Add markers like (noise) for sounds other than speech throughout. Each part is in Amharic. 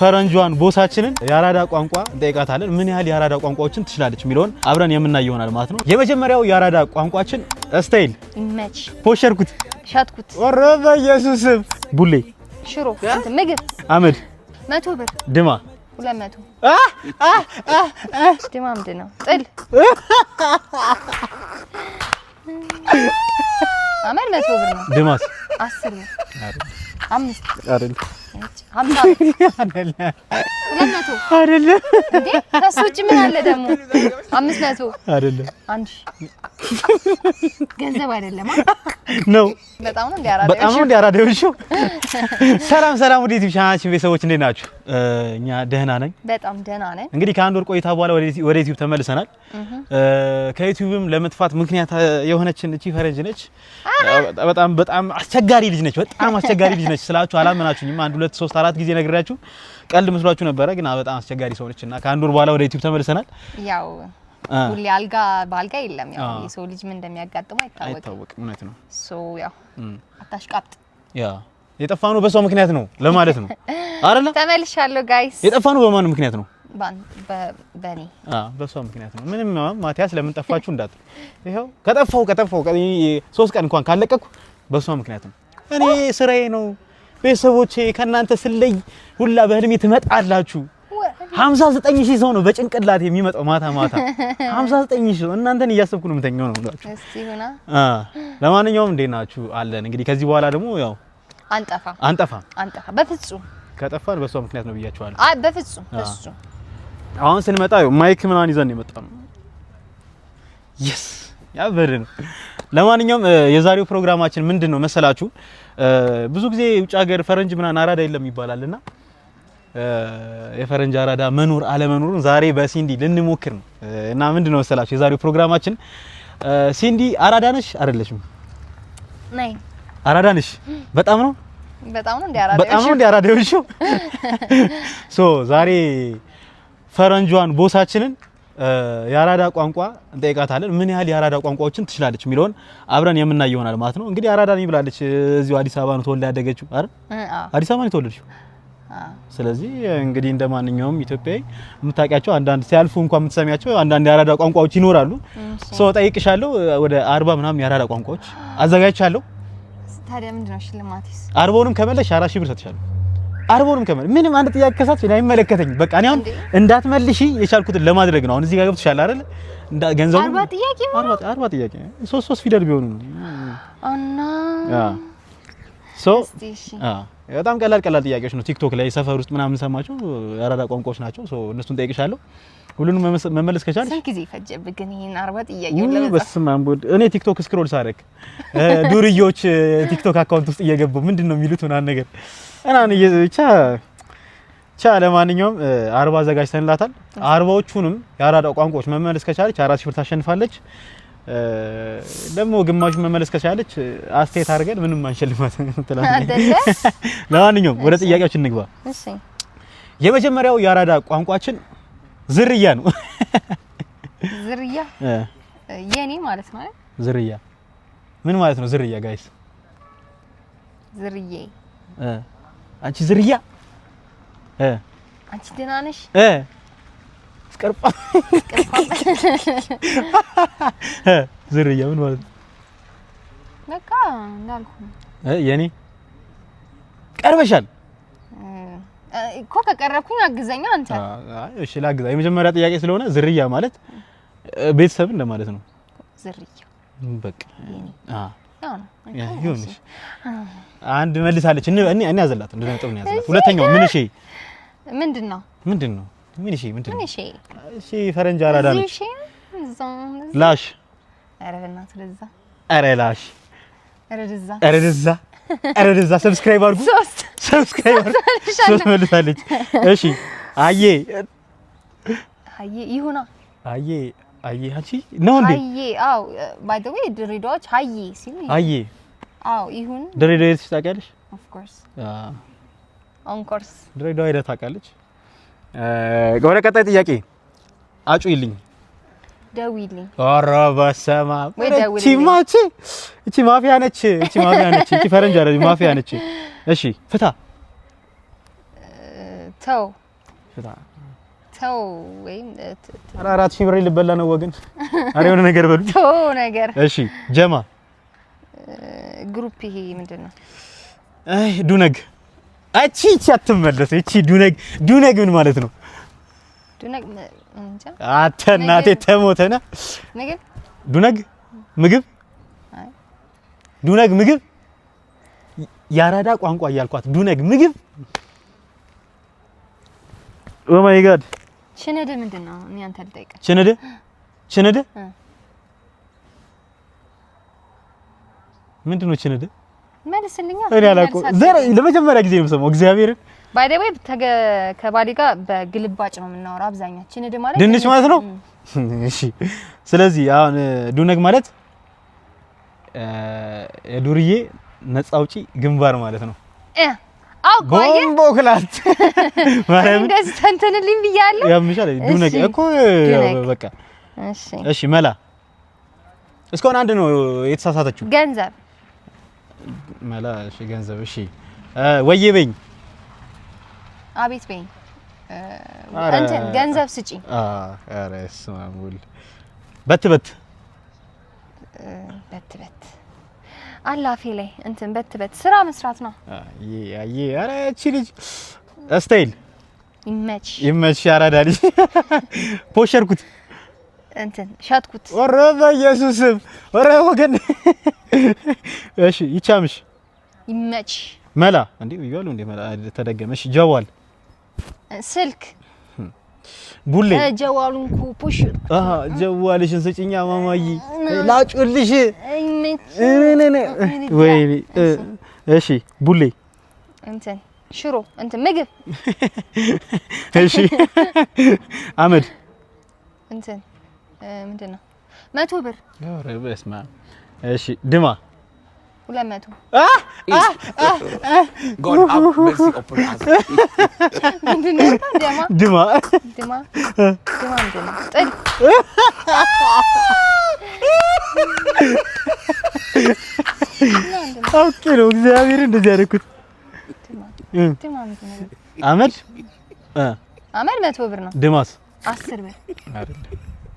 ፈረንጇን ቦሳችንን የአራዳ ቋንቋ እንጠይቃታለን። ምን ያህል የአራዳ ቋንቋዎችን ትችላለች የሚለውን አብረን የምናይ ይሆናል ማለት ነው። የመጀመሪያው የአራዳ ቋንቋችን ስታይል ፖሸርኩት ሻትኩት ወረበ ኢየሱስም ቡሌ ሽሮ ምግብ አመድ መቶ ብር ድማ ሁለት መቶ ድማ ምንድን ነው ጥል (laughs) አመድ መቶ ብር ነው ድማስ አስር ብር አምስት አምስት ሰላም ሰላም፣ ወደ ዩቲዩብ ቤተሰቦች እንዴት ናችሁ? እኛ ደህና ነኝ፣ በጣም ደህና ነኝ። እንግዲህ ከአንድ ወር ቆይታ በኋላ ወደ ዩቲዩብ ተመልሰናል። ከዩቲዩብም ለመጥፋት ምክንያት የሆነችን እቺ ፈረንጅ ነች። በጣም በጣም አስቸጋሪ አስቸጋሪ ልጅ ነች። በጣም አስቸጋሪ ልጅ ነች ስላችሁ አላመናችሁኝም። አንድ ሁለት ሶስት አራት ጊዜ ነግሬያችሁ ቀልድ መስሏችሁ ነበረ፣ ግን በጣም አስቸጋሪ ሰው ነች እና ከአንድ ወር በኋላ ወደ ዩቲዩብ ተመልሰናል። ያው ሁሌ አልጋ በአልጋ የለም። ያው የሰው ልጅ ምን እንደሚያጋጥሙ አይታወቅም። እውነት ነው። ሶ ያው አታሽቃብጥ። የጠፋ ነው በሷ ምክንያት ነው ለማለት ነው አይደለ? ተመልሻለሁ ጋይስ። የጠፋ ነው በማን ምክንያት ነው? በኔ በሷ ምክንያት ነው። ምንም ማቲያስ ለምን ጠፋችሁ እንዳትሉ። ይኸው ከጠፋው ከጠፋው ሶስት ቀን እንኳን ካለቀኩ በሷ ምክንያት ነው። እኔ ስራዬ ነው። ቤተሰቦቼ ከእናንተ ስለይ ሁላ በህልሜ ትመጣላችሁ። 59 ሺህ ሰው ነው በጭንቅላት የሚመጣው ማታ ማታ 59 ሺህ ሰው እናንተን እያሰብኩ ነው የምተኛው ነው ብላችሁ ለማንኛውም እንዴት ናችሁ? አለን እንግዲህ ከዚህ በኋላ ደግሞ ያው አንጠፋ አንጠፋ አንጠፋ በፍጹም ከጠፋን በሷ ምክንያት ነው ብያችኋለሁ። አይ በፍጹም በፍጹም አሁን ስንመጣ ማይክ ምናምን ይዘን ነው የመጣው። የስ ያበደ ነው ለማንኛውም የዛሬው ፕሮግራማችን ምንድን ነው መሰላችሁ? ብዙ ጊዜ ውጭ ሀገር ፈረንጅ ምናምን አራዳ የለም ይባላልና የፈረንጅ አራዳ መኖር አለመኖሩን ዛሬ በሲንዲ ልንሞክር ነው እና ምንድን ነው መሰላችሁ የዛሬው ፕሮግራማችን ሲንዲ አራዳ ነሽ አይደለሽም? ነኝ። አራዳ ነሽ? በጣም ነው በጣም ነው እንደ አራዳ ነው እንደ አራዳ (laughs) ሶ ዛሬ ፈረንጇን ቦሳችንን የአራዳ ቋንቋ እንጠይቃታለን። ምን ያህል የአራዳ ቋንቋዎችን ትችላለች የሚለውን አብረን የምናይ ይሆናል ማለት ነው። እንግዲህ አራዳ ነኝ ብላለች። እዚሁ አዲስ አበባ ነው ተወልዳ ያደገችው አይደል? አዲስ አበባ ነው የተወለደችው። ስለዚህ እንግዲህ እንደ ማንኛውም ኢትዮጵያዊ የምታውቂያቸው አንዳንድ ሲያልፉ እንኳን የምትሰሚያቸው አንዳንድ የአራዳ ቋንቋዎች ይኖራሉ። ሶ ጠይቅሻለሁ። ወደ አርባ ምናምን የአራዳ ቋንቋዎች አዘጋጅቻለሁ። ታዲያ ምንድነው ሽልማቴስ? አርባውንም ከመለሽ አራት ሺህ ብር ሰጥሻለሁ። አርቦንም ከመል ምንም አንድ ጥያቄ ከሳች እኔ አይመለከተኝም። በቃ እኔ አሁን እንዳትመልሺ የቻልኩትን ለማድረግ ነው። አሁን እዚህ ጋር ገብቶሻል አይደል? እንዳ ገንዘቡ አርባ ጥያቄ አርባ አርባ ጥያቄ ሶስት ሶስት ፊደል ቢሆኑ ነው። እና ሶ አ በጣም ቀላል ቀላል ጥያቄዎች ነው። ቲክቶክ ላይ ሰፈር ውስጥ ምናምን ሰማቸው የአራዳ ቋንቋዎች ናቸው። ሶ እነሱን ጠይቅሻለሁ ሁሉንም መመለስ ከቻልሽ ስንት ጊዜ ፈጀብህ ግን ይሄን አርባ ጥያቄውን ለመጻፍ? በስመ አብ ወልድ። እኔ ቲክቶክ ስክሮል ሳደርግ ዱርዮች ቲክቶክ አካውንት ውስጥ እየገቡ ምንድን ነው የሚሉት ምናምን ነገር እና ብቻ ብቻ ለማንኛውም አርባ አዘጋጅተንላታል። አርባዎቹንም የአራዳ ቋንቋዎች መመለስ ከቻለች አራት ሺህ ብር ታሸንፋለች። ደግሞ ግማሹ መመለስ ከቻለች አስተያየት አድርገን ምንም አንሸልማት (laughs) ትላለች። ለማንኛውም ወደ ጥያቄያችን እንግባ። የመጀመሪያው የአራዳ ቋንቋችን ዝርያ ነው። ዝርያ የኔ ማለት ነው ዝርያ ምን ማለት ነው? ዝርያ ጋይስ ዝርዬ አንቺ ዝርያ አንቺ ደህና ነሽ? እስቀርጳ ዝርያ ምን ማለት ነው? በቃ እንዳልኩ የኔ ቀርበሻል እኮ ከቀረብኩኝ አግዘኛ አንተ። እሺ ላግዛ። የመጀመሪያ ጥያቄ ስለሆነ ዝርያ ማለት ቤተሰብ እንደማለት ነው። ዝርያ በቃ ይሁንሽ። አንድ መልሳለች። እኔ እኔ ያዘላት እንደዚህ ነጥብ ነው ያዘላት። ሁለተኛው ምን እሺ፣ ምንድን ነው ምንድን ነው ምን እሺ፣ ምንድን ነው እሺ፣ ፈረንጅ አራዳ ነች። ላሽ ኧረ በእናትህ ለዛ ላሽ ኧረ ድዛ ኧረ ድዛ ኧረ ድዛ ሰብስክራይብ አድርጉ። ሶስት ሰብስክራይበር ሶስት መልሳለች። እሺ አዬ አዬ ይሁና አዬ አዬ አንቺ ነው እንዴ? አዬ አዎ። ባይ ዘ ዌይ ድሬዳዎች አዬ ሲሉ አዬ አዎ ይሁን። ድሬዳዋ ሄደሽ ታውቂያለሽ? ኦፍ ኮርስ አዎ፣ ኦን ኮርስ ድሬዳዋ ሄደሽ ታውቂያለሽ? ወደ ቀጣይ ጥያቄ አጩ ይልኝ ደውይልኝ። ኧረ በስመ አብ! እቺ ማፊያ ነች፣ እቺ ማፊያ ነች፣ እቺ ፈረንጅ አይደለች፣ ማፊያ ነች። እሺ ፍታ። ተው ፍታ። ተው ወይም አራት ሺህ ብር ልበላ ነው ወግን። ኧረ የሆነ ነገር በሉ። ተው ነገር። እሺ ጀማ ግሩፕ ይሄ ምንድን ነው? አይ ዱነግ። እቺ እቺ አትመለስ። እቺ ዱነግ ዱነግ ምን ማለት ነው? ዱነግ አተ እናቴ ተሞተና ዱነግ ምግብ ዱነግ ምግብ የአራዳ ቋንቋ እያልኳት ዱነግ ምግብ ኦ oh ማይ ጋድ ሽነደ ምንድን ነው? እኔ አንተ ልጠይቅ። ሽነደ ሽነደ ምንድን ነው ሽነደ? መልስልኛ። እኔ አላውቀውም። ዘር ለመጀመሪያ ጊዜ ነው የምሰማው። እግዚአብሔርን ባይ ዘ ወይ ከባሌ ጋር በግልባጭ ነው የምናወራው አብዛኛው። ሽነደ ማለት ድንች ማለት ነው። እሺ። ስለዚህ አሁን ዱነግ ማለት የዱርዬ ነፃ አውጪ ግንባር ማለት ነው። አው ቦምቦ ክላት (laughs) እንደዚህ ተንተንልኝ ብያለሁ። ያምሻል ዱነቄ እኮ በቃ እሺ። እሺ መላ እስካሁን አንድ ነው የተሳሳተችው። ገንዘብ መላ። እሺ ገንዘብ። እሺ ወዬ በኝ። አቤት በኝ። እንትን ገንዘብ ስጪ። አረ ስማ ውል በት በት በት በት አላፌ ላይ እንትን በት በት ስራ መስራት ነው። አይ ኧረ እቺ ልጅ ስታይል ይመች ይመች። አራዳ ልጅ (laughs) ፖሸርኩት እንትን ሻትኩት። ኧረ በኢየሱስም ኧረ ወገን። (laughs) እሺ ይቻምሽ ይመች። መላ እንዴ ይያሉ እንዴ መላ ተደገመሽ። ጀዋል ስልክ ቡሌ ጀዋሉን ኩፑሽ አሃ ጀዋልሽን ስጭኛ ማማዬ ላጩልሽ። ወይኔ እሺ ቡሌ እንትን ሽሮ እንትን ምግብ (laughs) እሺ አመድ እንትን ምንድን ነው መቶ ብር ኧረ በስመ አብ እሺ ድማ Bilemedim. Ah! Ah! Ah! Ah, ah. God have mercy upon us. Dinle Dima. Dima. Dima. Dima Dima. Hadi. Okay ഉണ്ട് ജാരക്കുത്ത് അമർ അമർ match പോയിരുന്നു ഡിമാസ് അസർ അറിയില്ല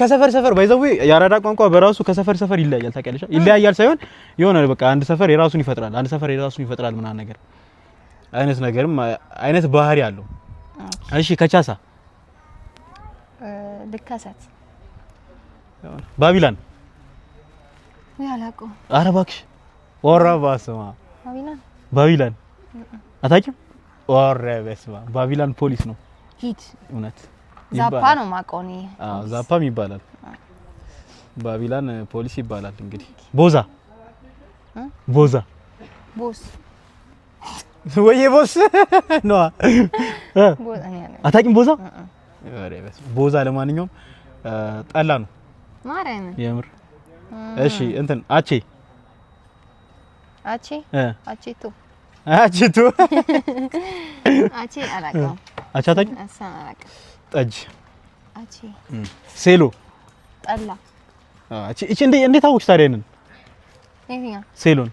ከሰፈር ሰፈር ባይዘው የአራዳ ቋንቋ በራሱ ከሰፈር ሰፈር ይለያያል። ታውቂያለሽ? ይለያያል ሳይሆን የሆነ በቃ አንድ ሰፈር የራሱን ይፈጥራል፣ አንድ ሰፈር የራሱን ይፈጥራል ምናምን ነገር አይነት ነገርም አይነት ባህሪ አለው። እሺ ከቻሳ ልካሳት ባቢላን ያላቀው ኧረ እባክሽ ወራ ባስማ ባቢላን ባቢላን አታውቂም? ወራ በስማ ባቢላን ፖሊስ ነው ሂድ እውነት ዛፓ ነው የማውቀው እኔ። አዎ ዛፓም ይባላል። ባቢላን ፖሊስ ይባላል። እንግዲህ ቦዛ ቦዛ ቦስ ወይ ቦስ ነው አታውቂም? ቦዛ ቦዛ ለማንኛውም ጠላ ነው ማርያምን የምር እሺ እንትን አቼ አቼ አቼ ቱ አቺ ቱ አቺ አላውቅም። አቻ ታውቂ? አሳ አላውቅም። ጠጅ አቺ ሴሎ ጠላ አቺ እቺ እንዴ እንዴ አወቅሽ ታዲያ ይሄንን? ይሄኛ ሴሎን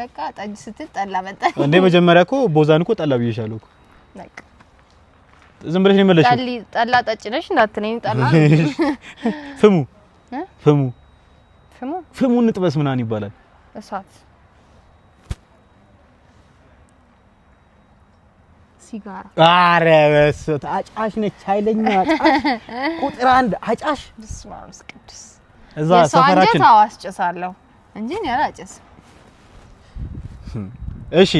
በቃ ጠጅ ስትል ጠላ መጣ እንዴ? መጀመሪያ እኮ ቦዛን እኮ ጠላ ብዬሻለሁ እኮ በቃ ዝም ብለሽ ነው የመለስሽው። ጠላ ጠጭ ነሽ እንዳትነኝ። ጠላ ፍሙ ፍሙ ፍሙ ፍሙ እንጥበስ ምናምን ይባላል እሳት ሲጋራ። ኧረ በስመ አጫሽ ነች፣ ኃይለኛ አጫሽ፣ (laughs) ቁጥር አንድ አጫሽ። በስመ አብ ወመንፈስ ቅዱስ። እዛ ሰፈራችን አስጨሳለሁ እንጂ እኔ አላጨስም። እሺ፣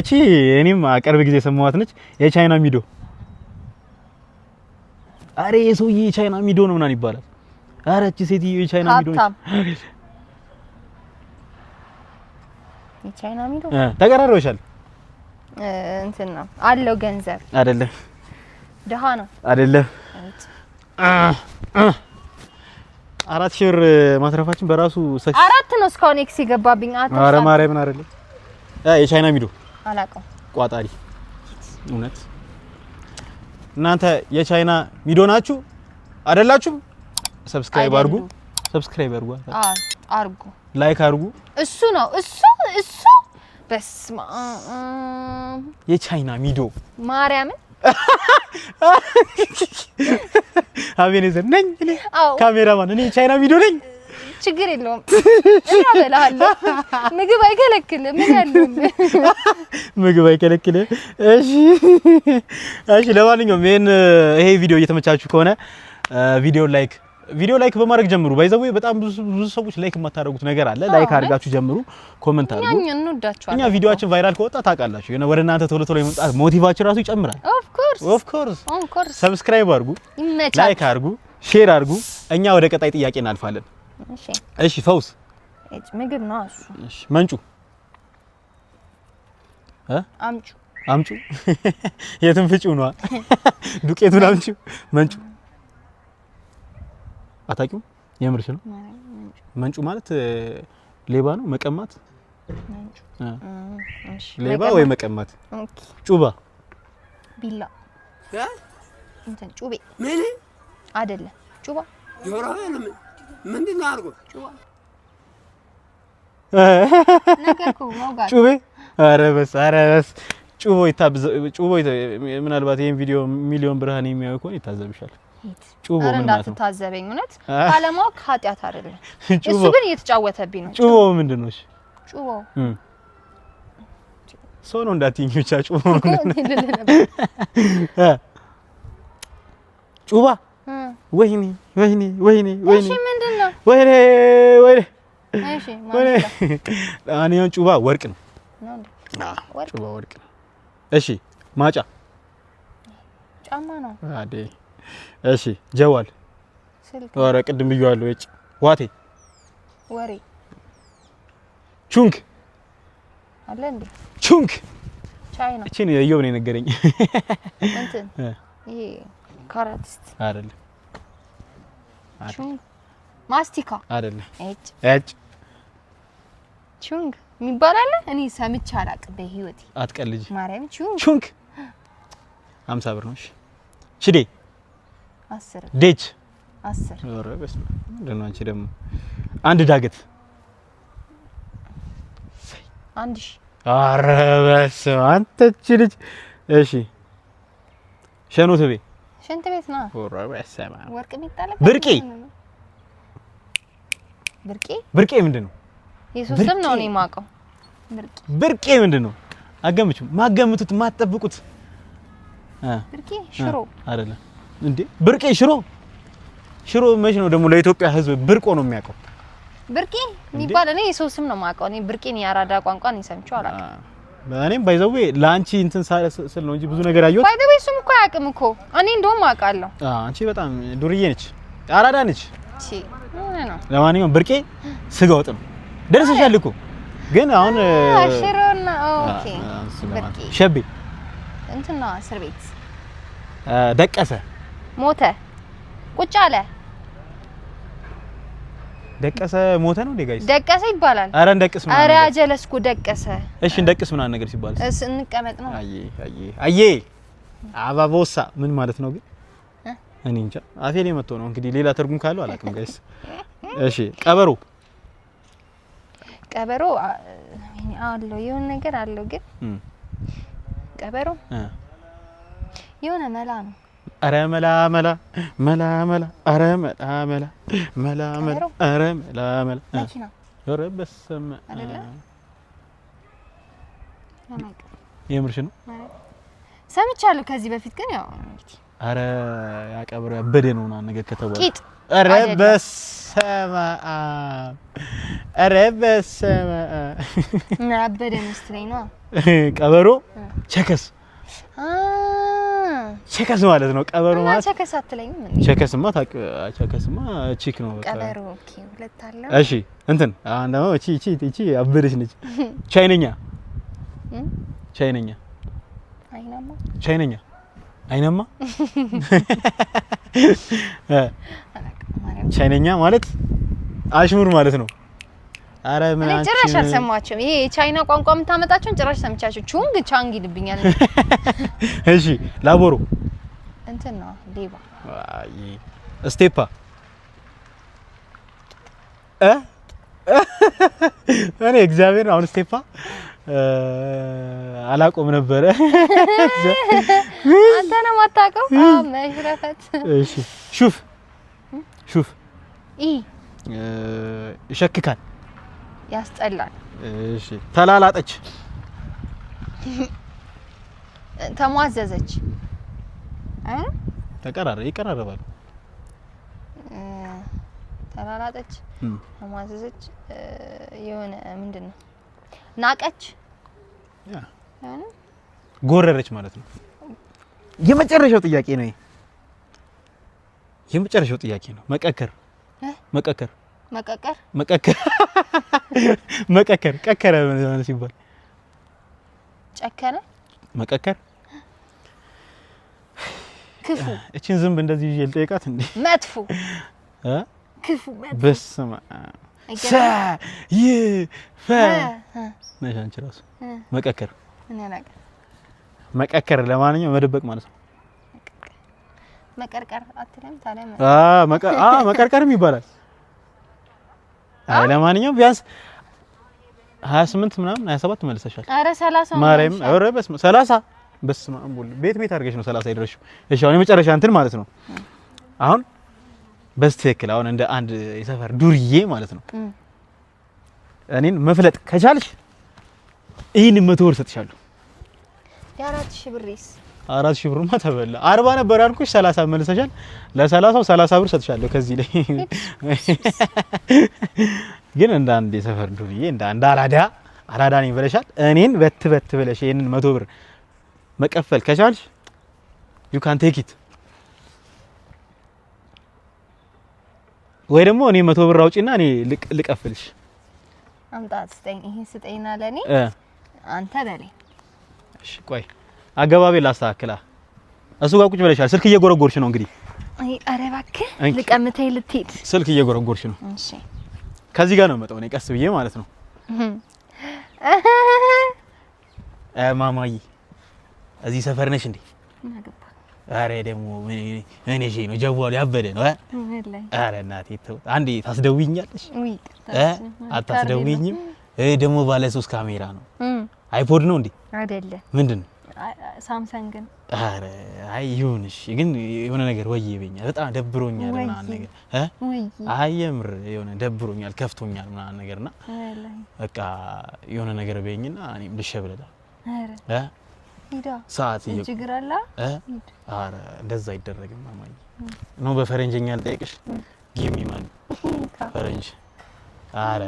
እቺ እኔም ቅርብ ጊዜ የሰማኋት ነች። የቻይና ሚዶ። አረ የሰውዬ የቻይና ሚዶ ነው ምናምን ይባላል። አረ እቺ ሴትዮ የቻይና ሚዶ ነች። (laughs) የቻይና ሚዶ እንትን ነው አለው ገንዘብ አይደለም፣ ድሃ ነው አይደለም። አራት ሺህ ብር ማትረፋችን በራሱ አራት ነው። እስካሁን ኤክስ የገባብኝ ማርያምን አይደለም። የቻይና ሚዶ አላውቀውም። ቋጣሪ እውነት እናንተ የቻይና ሚዶ ናችሁ አይደላችሁም? ሰብስክራይብ አድርጉ፣ ሰብስክራይብ አድርጉ፣ ላይክ አድርጉ። እሱ ነው እሱ እሱ በስማ የቻይና ሚዶ ማርያምን አቤኔዘር ነኝ እኔ ካሜራማን፣ እኔ የቻይና ሚዶ ነኝ። ችግር የለውም እናበላሃለሁ። ምግብ አይከለክልም። ምን ያለው ምግብ አይከለክልም። እሺ፣ እሺ። ለማንኛውም ይሄን ይሄ ቪዲዮ እየተመቻችሁ ከሆነ ቪዲዮ ላይክ ቪዲዮ ላይክ በማድረግ ጀምሩ። ባይዘው በጣም ብዙ ሰዎች ላይክ የማታደርጉት ነገር አለ። ላይክ አድርጋችሁ ጀምሩ፣ ኮመንት አድርጉ። እኛ ቪዲዮአችን ቫይራል ከወጣ ታውቃላችሁ፣ የሆነ ወደ እናንተ ቶሎ ቶሎ የመምጣት ሞቲቫችን ራሱ ይጨምራል። ኦፍ ኮርስ ኦፍ ኮርስ ኦፍ ኮርስ። ሰብስክራይብ አድርጉ፣ ላይክ አድርጉ፣ ሼር አድርጉ። እኛ ወደ ቀጣይ ጥያቄ እናልፋለን። እሺ እሺ። ፈውስ እጭ ምግብ ነው እሱ። እሺ መንጩ እ አምጩ አምጩ (laughs) የትም ፍጪው ነዋ። (laughs) ዱቄቱን አምጪው መንጩ አታውቂውም? የምርሽ ነው? መንጩ ማለት ሌባ ነው መቀማት። ሌባ ወይ መቀማት። ጩባ ቢላ እንትን ጩቤ ምን አይደለም። ጩባ ጆሮ ምንድን ነው አድርጎ ጩባ ጩቤ። ኧረ በስ ኧረ በስ ጩቦ ይታብዘ ጩቦ ምናልባት ይሄን ቪዲዮ ሚሊዮን ብርሃን የሚያዩ ከሆነ ይታዘብሻል። ጩቦ ታዘበኝ እውነት አለማወቅ ኃጢአት አይደለም። (laughs) እሱ ግን እየተጫወተብኝ ነው። ጩቦ ምንድን ነው? ጩቦ ሰው ነው እንዳትይኝ ብቻ። ጩቦ ጩባ። ወይኔ ወይኔ ወይኔ ወይኔ ምንድን ወይኔ ወይኔ (laughs) ለማንኛውም ጩባ ወርቅ ነው። ጩባ ወርቅ ነው። እሺ ማጫ ጫማ ነው። እሺ ጀዋል ኧረ ቅድም ብዬዋለሁ። እጭ ዋቴ ወሬ ቹንክ አለ እንዴ ቹንክ ቻይና እቺ ነው የዮብ ነው የነገረኝ። እንትን ይሄ ካራቲስት አይደለ? ቹንክ ማስቲካ አይደለ? እጭ እጭ ቹንክ የሚባል አለ። እኔ ሰምቼ አላቅም በህይወቴ። አትቀልጂ ማርያም ቹንክ ቹንክ 50 ብር ነው። እሺ ሽዴ አስር ዴች አስር ኧረ ምንድን ነው አንቺ ደግሞ አንድ ዳገት አንድ ሺህ ኧረ በስመ አብ አንተ እቺ ልጅ እሺ ሸኖ ትቤ ሽንት ቤት ነው ወርቅ የሚጣለው ብርቄ ብርቄ ብርቄ ምንድን ነው የሶስም ነው እኔ የማውቀው ብርቄ ብርቄ ምንድን ነው አገምቹ ማገምቱት ማትጠብቁት ብርቄ ሽሮ አይደለም እንዴ ብርቄ ሽሮ ሽሮ መች ነው ደግሞ ለኢትዮጵያ ህዝብ ብርቆ ነው የሚያውቀው። ብርቄ የሚባል እኔ የሰው ስም ነው የማውቀው። እኔ ብርቄን የአራዳ ቋንቋ ነው ሰምቼው አላውቅም። እኔም ባይዘዌ ለአንቺ እንትን ስል ነው እንጂ ብዙ ነገር ያየሁት ባይዘዌ። እሱም እኮ አያውቅም እኮ እኔ እንደውም አውቃለሁ። አንቺ በጣም ዱርዬ ነች፣ አራዳ ነች። ለማንኛውም ብርቄ ስጋ ወጥ ነው። ደርሰሻል እኮ ግን አሁን ሽሮና ኦኬ ብርቄ ሸቤ እንትን ነው እስር ቤት ደቀሰ ሞተ፣ ቁጭ አለ፣ ደቀሰ፣ ሞተ ነው እንዴ? ደቀሰ ይባላል። አረ እንደቅስ ነው። አረ አጀለስኩ ደቀሰ። እሺ እንደቅስ ምናምን ነገር ሲባል እስ እንቀመጥ ነው። አዬ አዬ አዬ አባቦሳ ምን ማለት ነው ግን? እኔ እንጃ አፌ ላይ መጥቶ ነው እንግዲህ። ሌላ ትርጉም ካለው አላውቅም ጋይስ። እሺ ቀበሮ ቀበሮ አለው የሆነ ነገር አለው ግን ቀበሮ የሆነ መላ ነው አረ መላ መላ መላ መላ አረ መላ መላ መላ መላ አረ መላ መላ ኧረ በስመ አብ የምርሽ ነው ሰምቻለሁ። ከዚህ በፊት ግን ያው አረ ያቀብረ ያበደ ነው ና ነገር ከተባለ ቂጥ አረ በስመ አብ አረ በስመ አብ ያበደ ነው ነው ቀበሮ ቸከስ ቸከስ ማለት ነው። ቀበሮ ማለት ቸከስ አትለኝም እንዴ? ቸከስማ ታውቂ፣ ቸከስማ ቺክ ነው ቀበሮ። ኦኬ፣ ሁለት አለ። እሺ፣ እንትን አሁን ነው። እቺ እቺ እቺ አበደች ነች። ቻይነኛ ቻይነኛ አይናማ ቻይነኛ አይናማ (laughs) ቻይነኛ ማለት አሽሙር ማለት ነው። አረ ምን አንቺ ጭራሽ አልሰማችሁም? ይሄ የቻይና ቋንቋ የምታመጣችሁን ጭራሽ ሰምቻችሁ ቹንግ ቻንግ ይልብኛል። (laughs) እሺ ላቦሮ እንትን ነው ሌባ አይ ስቴፓ እ (laughs) እኔ እግዚአብሔር አሁን ስቴፓ አላቆም ነበረ። (laughs) አንተ ነው የማታውቀው መሽረፈት። እሺ ሹፍ ሹፍ ኢ ይሸክካል ያስጠላል። እሺ ተላላጠች፣ (laughs) ተሟዘዘች፣ ተቀራረ ይቀራረባል። ተላላጠች፣ ተሟዘዘች የሆነ ምንድን ነው? ናቀች፣ ጎረረች ማለት ነው። የመጨረሻው ጥያቄ ነው። የመጨረሻው ጥያቄ ነው መቀከር መቀከር መቀቀር መቀቀር (laughs) መቀቀር ቀከረ ማለት ሲባል ጨከነ መቀቀር ክፉ (sighs) እቺን ዝንብ እንደዚህ ይዤ ልጠይቃት እንዴ? መጥፎ (laughs) ክፉ መጥፎ በስመ አብ ሰ ይ ፈ ነሽ አንቺ እራሱ መቀከር መቀከር ለማንኛውም መደበቅ ማለት ነው። መቀርቀር አትልም ታዲያ? አዎ መቀርቀርም ይባላል። አይ ለማንኛውም ቢያንስ 28 ምናምን 27 መልሰሻል። አረ 30 ማርያም፣ አረ በስመ 30 በስመ አብ ወልድ ቤት ቤት አድርገሽ ነው 30 የደረስሽው። እሺ አሁን የመጨረሻ እንትን ማለት ነው አሁን በስትክክል አሁን እንደ አንድ የሰፈር ዱርዬ ማለት ነው እኔን መፍለጥ ከቻልሽ ይህን መቶ ወር እሰጥሻለሁ። የአራት ሺህ ብሬስ አራት ሺህ ብርማ ተበላ። አርባ ነበር ያልኩሽ ሰላሳ መልሰሻል። ለሰላሳው ሰላሳ ብር ሰጥሻለሁ። ከዚህ ላይ ግን እንደ አንድ የሰፈር ዱርዬ እንደ አንድ አራዳ አራዳ ነኝ ብለሻል። እኔን በት በት ብለሽ ይሄንን መቶ ብር መቀፈል ከቻልሽ ዩ ካን ቴክ ኢት ወይ ደግሞ እኔ መቶ ብር አውጪና እኔ ልቀፍልሽ። አምጣት ስጠኝ፣ ይሄን ስጠኝና ለእኔ አንተ በለኝ። እሺ ቆይ አገባቤ ላስተካክላ። እሱ ጋር ቁጭ ብለሻል። ስልክ እየጎረጎርሽ ነው እንግዲህ። አይ አረ እባክህ ልቀምተኝ ልትሄድ ስልክ እየጎረጎርሽ ነው። እሺ ከዚህ ጋር ነው መጣው እኔ ቀስ ብዬ ማለት ነው። እ ማማዬ እዚህ ሰፈር ነሽ እንዴ? አረ ደግሞ እኔ ሼ ነው ጀዋሉ ያበደ ነው። አረ እናቴ ተው አንዴ ታስደውኛለሽ። እ አታስደውይኝም ደግሞ ባለ ሶስት ካሜራ ነው። አይፖድ ነው እንዴ? አይደለ ምንድን ነው ሳምሰንግን አይ ይሁንሽ፣ ግን የሆነ ነገር ወይ ይበኛል። በጣም ደብሮኛል ምናምን ነገር አይ የምር የሆነ ደብሮኛል፣ ከፍቶኛል ምናምን ነገርና በቃ የሆነ ነገር በይኝና እኔም ልሸብለዳ ሰዓት ይችግራላ። አረ እንደዛ አይደረግም ነው። ልጠይቅሽ። ጊሚ ማን ፈረንጅ? አረ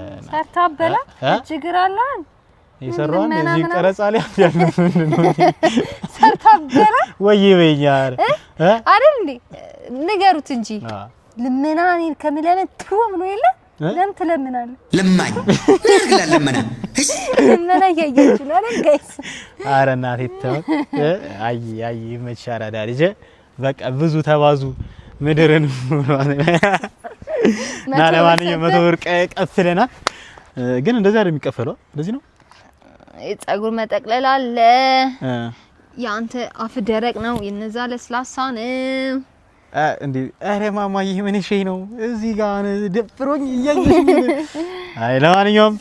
የሰራን እዚህ ቀረጻ ላይ (laughs) ያለ ምንድን ነው ሰርታበረ ወይ በኛ አይደል እንዴ? ንገሩት እንጂ ልመና እኔን ከምለምን ትሮም ነው የለ ለምን ትለምናለህ? ለማኝ ለግላል ለመና ለመና እያያችሁ ነው አይደል ጋይስ? ኧረ እናቴ ተው። አይ አይ መቻራ ዳርጀ በቃ ብዙ ተባዙ ምድርን እና ለማንኛውም መቶ ብር ቀፍለናል። ግን እንደዚህ አይደል የሚቀፈለው? እንደዚህ ነው ጸጉር መጠቅለል አለ። የአንተ አፍ ደረቅ ነው፣ የነዛ ለስላሳ ነው። እንዴ አረ ማማ ማማዬ ምን ሸይ ነው እዚህ ጋር ደፍሮኝ እያየሽ። አይ ለማንኛውም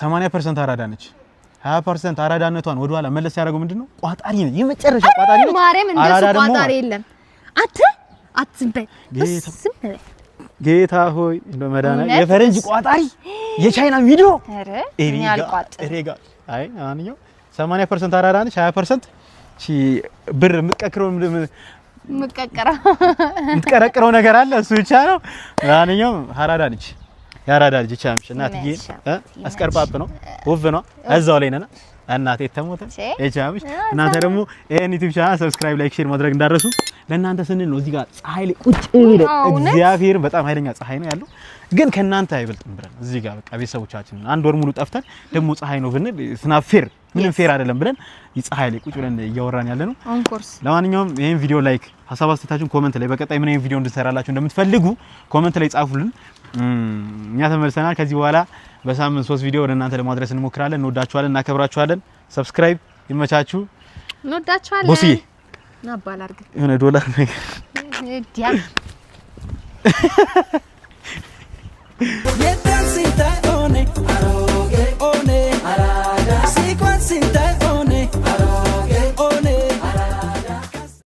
80% አራዳ ነች። 20% ፐርሰንት አራዳነቷን ወደ ኋላ መለስ ያደረገው ነው? ቋጣሪ ነው፣ የመጨረሻ ቋጣሪ ነው። ማርያም እንደሱ ቋጣሪ የለም። አት አትዝም በይ፣ ዝም በይ ጌታ ሆይ እንደ መዳና የፈረንጅ ቋጣሪ የቻይና ቪዲዮ ሬጋ አይ ማንኛው 80% አራዳ ነች 20% ብር የምትቀክረው የምትቀረቅረው ነገር አለ እሱ ብቻ ነው። ማንኛውም አራዳ ነች የአራዳ ልጅ እናትዬ ነው ውብ ነው እዛው ላይ ነና እናቴ ተሞተ እቻምሽ እናንተ ደግሞ ይሄን ዩቲዩብ ቻናል ሰብስክራይብ፣ ላይክ፣ ሼር ማድረግ እንዳደረሱ ለእናንተ ስንል ነው እዚህ ጋር ፀሐይ ላይ ቁጭ ብለን እግዚአብሔር በጣም ኃይለኛ ፀሐይ ነው ያለው፣ ግን ከእናንተ አይበልጥም ብለን እዚህ ጋር በቃ ቤተሰቦቻችን አንድ ወር ሙሉ ጠፍተን ደግሞ ፀሐይ ነው ብንል ስናብ ፌር ምንም ፌር አይደለም ብለን ፀሐይ ላይ ቁጭ ብለን እያወራን ያለ ነው። ለማንኛውም ይሄን ቪዲዮ ላይክ፣ ሀሳብ አስተያየታችሁን ኮመንት ላይ በቀጣይ ምን አይነት ቪዲዮ እንድንሰራላችሁ እንደምትፈልጉ ኮመንት ላይ ጻፉልን። እኛ ተመልሰናል። ከዚህ በኋላ በሳምንት ሶስት ቪዲዮ ወደ እናንተ ለማድረስ እንሞክራለን። እንወዳችኋለን፣ እናከብራችኋለን። ሰብስክራይብ ይመቻችሁ። እንወዳችኋለን። ቦስዬ የሆነ ዶላር ነገር (laughs) ሆነ